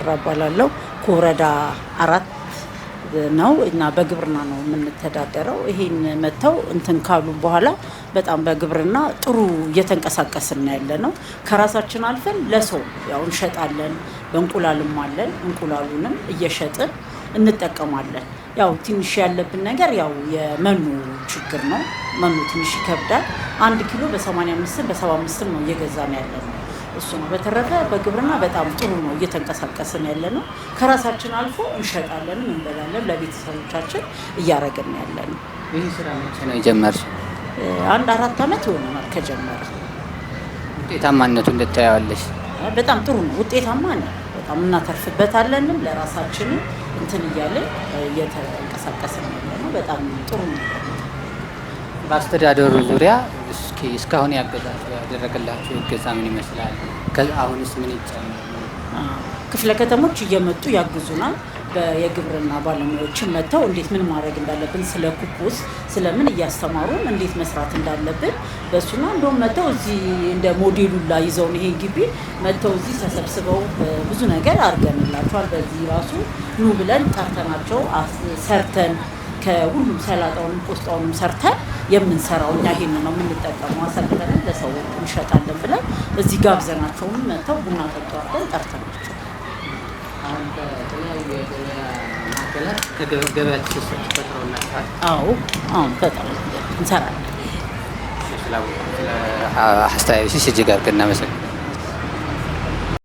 አበራ እባላለሁ። ከወረዳ አራት ነው እና በግብርና ነው የምንተዳደረው። ይሄን መጥተው እንትን ካሉ በኋላ በጣም በግብርና ጥሩ እየተንቀሳቀስን ያለ ነው። ከራሳችን አልፈን ለሰው ያው እንሸጣለን። በእንቁላልም አለን። እንቁላሉንም እየሸጥን እንጠቀማለን። ያው ትንሽ ያለብን ነገር ያው የመኖ ችግር ነው። መኖ ትንሽ ይከብዳል። አንድ ኪሎ በ85 በ75 ነው እየገዛን ያለ ነው እሱ ነው። በተረፈ በግብርና በጣም ጥሩ ነው፣ እየተንቀሳቀስን ያለ ነው። ከራሳችን አልፎ እንሸጣለንም እንበላለን፣ ለቤተሰቦቻችን እያረግን ያለ ነው። ይህ ስራ መቼ ነው የጀመርሽ? አንድ አራት አመት ይሆነናል ከጀመረ። ውጤታማነቱ እንድታየዋለሽ? በጣም ጥሩ ነው፣ ውጤታማ ነው። በጣም እናተርፍበታለንም፣ ለራሳችንም እንትን እያለን እየተንቀሳቀስን ያለ ነው። በጣም ጥሩ ነው። በአስተዳደሩ ዙሪያ እስካሁን ያገዛቸው ያደረገላቸው እገዛ ምን ይመስላል? አሁንስ ምን ይጨመር? ክፍለ ከተሞች እየመጡ ያግዙናል። የግብርና ባለሙያዎችን መጥተው እንዴት ምን ማድረግ እንዳለብን ስለ ኩኩስ ስለምን እያስተማሩን እንዴት መስራት እንዳለብን በእሱና እንደውም መጥተው እዚህ እንደ ሞዴሉላ ይዘውን ይሄን ግቢ መጥተው እዚህ ተሰብስበው ብዙ ነገር አድርገንላቸዋል። በዚህ ራሱ ኑ ብለን ጠርተናቸው ሰርተን ከሁሉም ሰላጣውንም ቆስጣውንም ሰርተን የምንሰራው እኛ ይሄን ነው የምንጠቀመው። አሰርተን ለሰው እንሸጣለን ብለን እዚህ ጋብዘናቸውም መጥተው ቡና ጠጥተዋለን ጠርተናቸው አዎ አሁን በጣም እንሰራለን። አስተያየቶች እጅግ አድርገን እናመሰግናለን።